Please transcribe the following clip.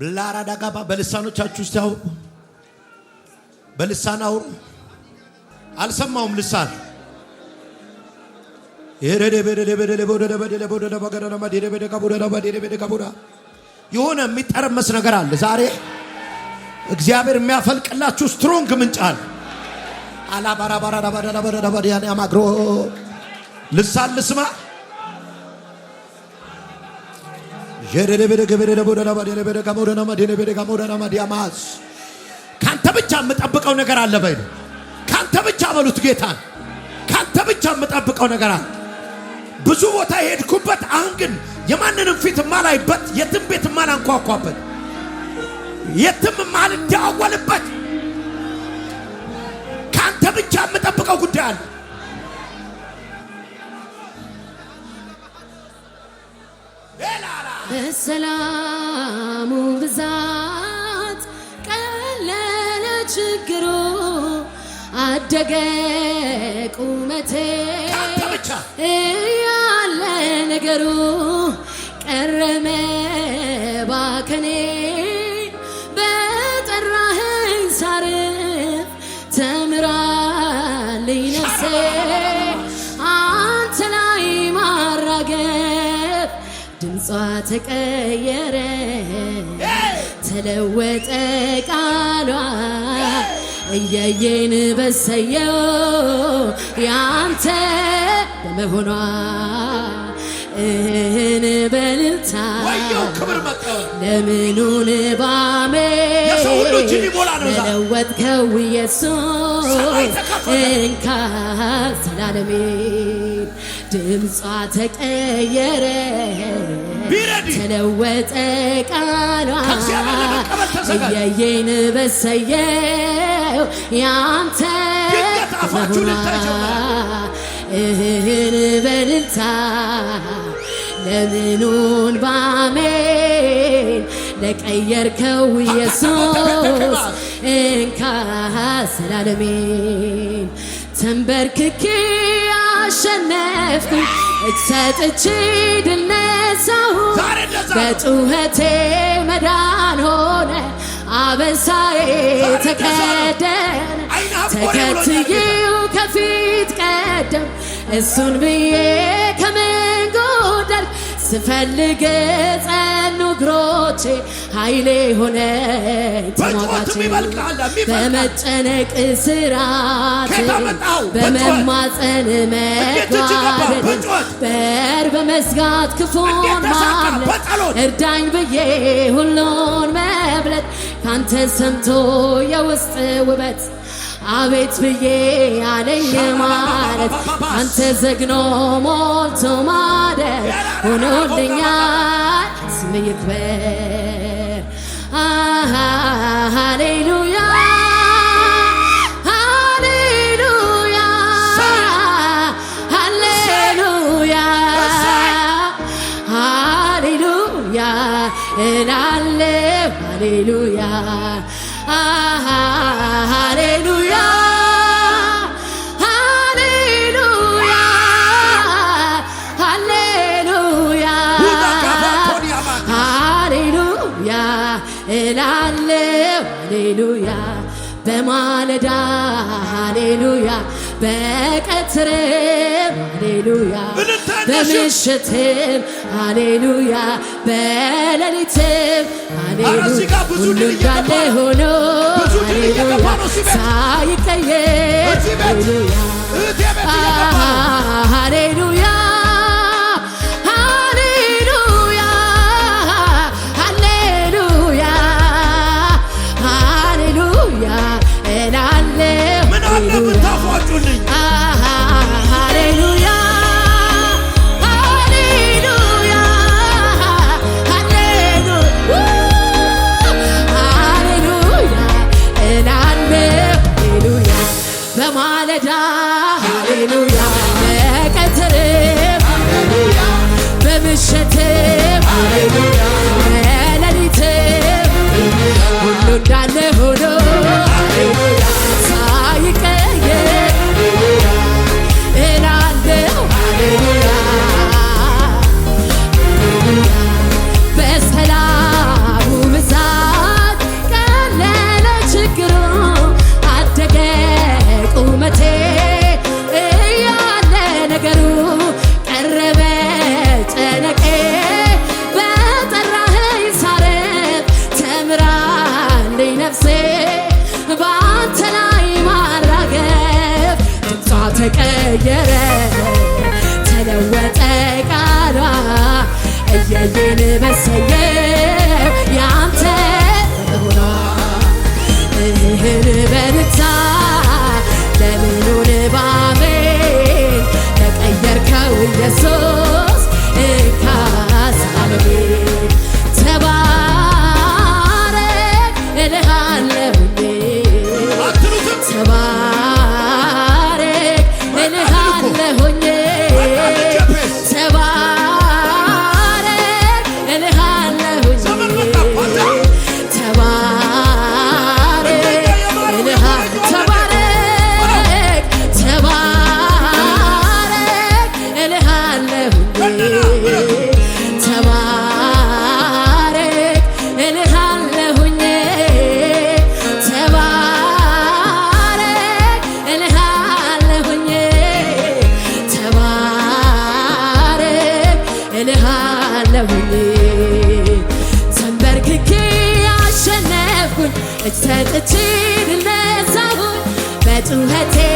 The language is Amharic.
ብላራዳ ጋባ በልሳኖቻችሁ ውስጥ ያው በልሳን አውሩ። አልሰማውም ልሳን የሆነ የሚጠረመስ ነገር አለ። ዛሬ እግዚአብሔር የሚያፈልቅላችሁ ስትሮንግ ምንጭ አለ። አላባራባራዳባዳባዳባዲያን ልሳን ልስማ ካንተ ብቻ የምጠብቀው ነገር አለ በይ። ካንተ ብቻ በሉት ጌታን። ካንተ ብቻ የምጠብቀው ነገር አለ። ብዙ ቦታ የሄድኩበት፣ አሁን ግን የማንንም ፊት የማላይበት፣ የትም ቤት የማላንኳኳበት፣ የትም የማልደዋወልበት ካንተ ብቻ የምጠብቀው ጉዳይ አለ። በሰላሙ ብዛት ቀለለ ችግሩ አደገ ቁመቴ እያለ ነገሩ ቀረመ ባከኔ ተቀየረ ተለወጠ ቃሏ እያየን በሰየው ያንተ በመሆኗ እህን በልልታ ለምኑን ባሜ ለለወጥከው ኢየሱስ እንካ ዘላለሜ ድምጿ ተቀየረ፣ ተለወጠ ቃሏ እየየን በሰየው ያንተ እህን በልልታ ለምኑን ባሜን ለቀየርከው ኢየሱስ እንካ ሰላለሜን ተንበርክኬ አሸነፍኩኝ እጅ ሰጥቼ ድል በጩኸቴ መዳን ሆነ አበሳዬ ተከደነ ተከትዬው ከፊት ቀደም እሱን ብዬ ከምን ስፈልግ ጸኑ እግሮቼ ኃይሌ ሆነ ተሟጋቼ በመጨነቅ ስራት በመማፀን መጓደድ በር በመዝጋት ክፉን ማምለጥ እርዳኝ ብዬ ሁሉን መብለት ካንተ ሰምቶ የውስጥ ውበት አቤት ብዬ አለኝ ማለት አንተ ዘግኖ ሞልቶ ማደር ሆኖልኛል። ስም ይክበር። ሃሌሉያ ሃሌሉያ ሃሌሉያ በማለዳ ሃሌሉያ በቀትርም ሃሌሉያ በምሽትም ሃሌሉያ በሌሊትም ሃሌሉያ ሁሉ እንዳለ ሆኖ ሃሌሉያ ሳይቀየር ሃሌሉያ dead. ተቀየረ ተለወጠ ቃሏ እያየን መሰየው ያንተ ሆኗ እህል በልታ እጅ ሰጥቼ ግለዛሁኝ በጩኸቴ